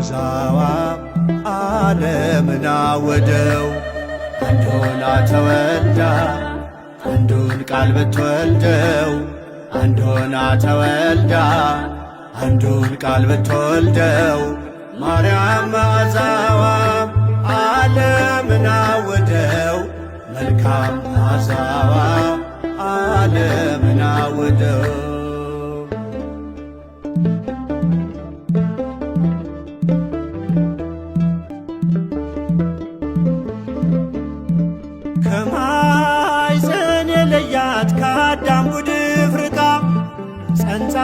መዓዛዋ ዓለምን አወደው። አንዱን ተወልዳ አንዱን ቃል ብትወልደው አንዱን አተወልዳ አንዱን ቃል ብትወልደው ማርያም መዓዛዋ ዓለምን አወደው። መልካም መዓዛዋ ዓለምን አወደው። የአዳም ጉድፍ ርቃ ጸንታ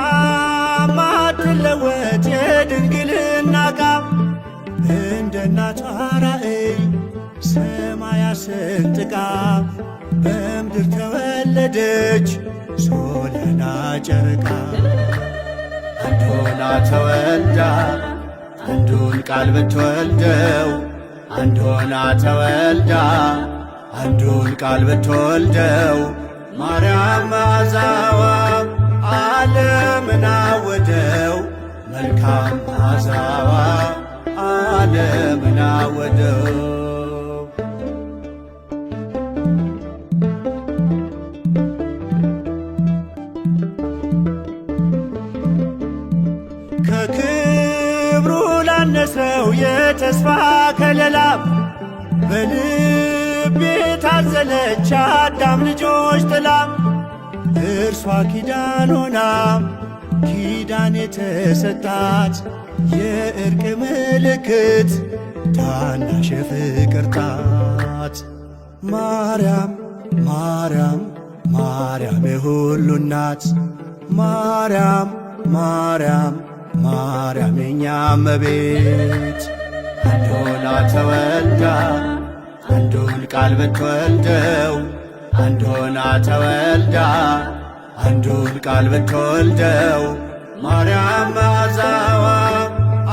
ማትለወጥ የድንግልና ቃ እንደ እናቷ ራእይ ሰማያ ሰንጥቃ በምድር ተወለደች ሶለና ጨረቃ አንዱና ተወልዳ አንዱን ቃል ብትወልደው አንዱና ተወልዳ አንዱን ቃል ብትወልደው ማርያም መዓዛዋ ዓለምን አወደው መልካም መዓዛዋ ዓለምን አወደው ከክብሩ ላነሰው የተስፋ ከለላ በል ያዘለች አዳም ልጆች ጥላ እርሷ ኪዳን ሆና ኪዳን የተሰጣት የእርቅ ምልክት ታናሽ ፍቅር ጣት ማርያም ማርያም ማርያም የሁሉ እናት ማርያም ማርያም ማርያም የኛ እመቤት ቃል ብትወልደው አንዱና ተወልዳ አንዱን ቃል ብትወልደው ማርያም ማዛዋ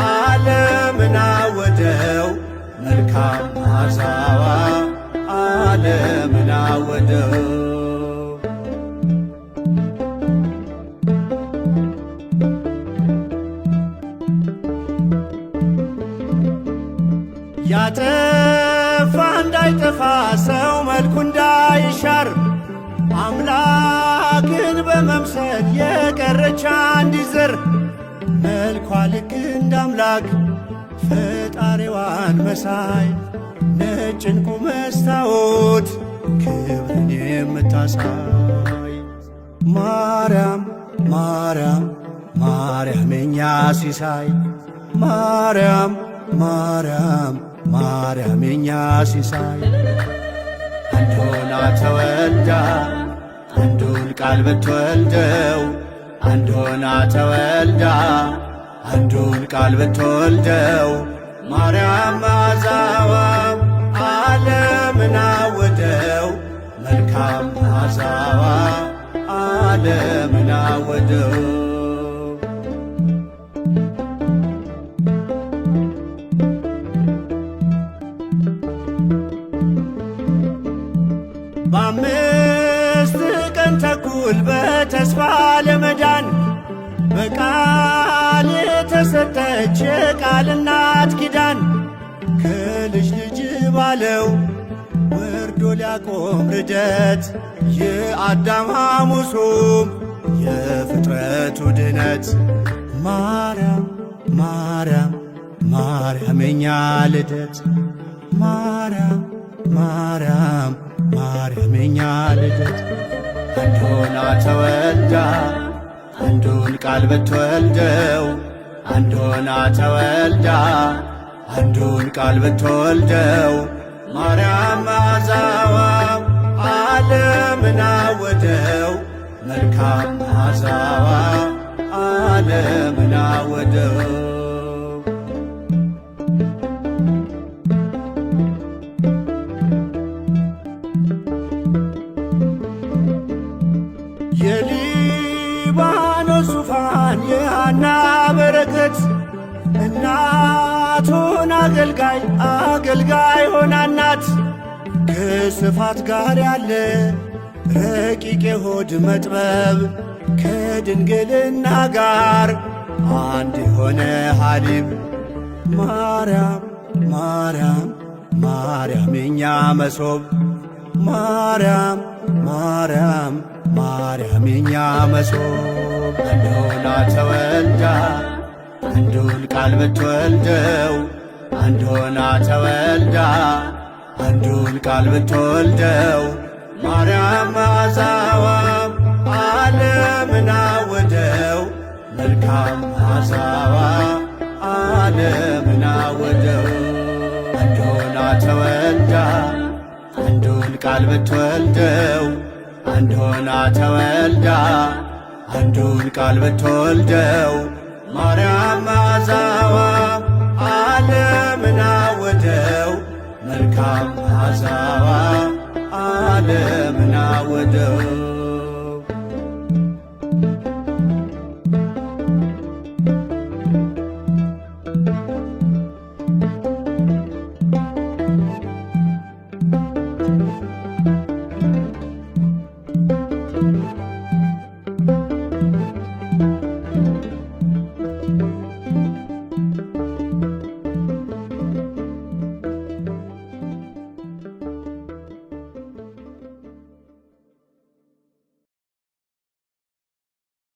ዓለምን አወደው መልካም መዓዛዋ ዓለምን አወደው ያተ እንዳይጠፋ ሰው መልኩ እንዳይሻር አምላክን በመምሰል የቀረች አንዲት ዘር መልኳ ልክ እንደ አምላክ ፈጣሪዋን መሳይ ነጭ ዕንቁ መስታወት ክብርን የምታሳይ ማርያም ማርያም ማርያም የእኛ ሲሳይ ማርያም ማርያም ማርያም የኛ ሲሳይ አንዱን አተወልዳ አንዱን ቃል ብትወልደው አንዱን አተወልዳ አንዱን ቃል ብትወልደው ማርያም ማዛዋ ዓለምን አወደው መልካም ማዛዋ ዓለምን አወደው ሶስት ቀን ተኩል በተስፋ ለመዳን በቃል የተሰጠች የቃል እናት ኪዳን ከልጅ ልጅ ባለው ወርዶ ሊያቆም ርደት የአዳም ሐሙሱም የፍጥረቱ ድነት ማርያም ማርያም ማርያም ልደት ማርያም ማርያም ማርያምኛ ልደት አንዱና ተወልዳ አንዱን ቃል ብትወልደው አንዱና ተወልዳ አንዱን ቃል ብትወልደው ማርያም ማዛዋ ዓለምን አወደው መልካም ማዛዋ ዓለምን አወደው የሊባኖስ ዙፋን የሃና በረከት እናቱን አገልጋይ አገልጋይ ሆና ከስፋት ጋር ያለ ረቂቅ የሆድ መጥበብ ከድንግልና ጋር አንድ የሆነ ሀሊብ ማርያም ማርያም ማርያም የኛ መሶብ ማርያም ማርያም ማርያም የኛ መሶብ አንዶላ ተወልዳ አንዱን ቃል ብትወልደው አንዶና ተወልዳ አንዱን ቃል ብትወልደው ማርያም ማዛዋም ዓለምን አወደው መልካም አዛዋ ዓለም ቃል ብትወልደው አንድ ሆና ተወልዳ አንዱን ቃል ብትወልደው ማርያም መዓዛዋ ዓለምን አወደው መልካም መዓዛዋ ዓለምን አወደው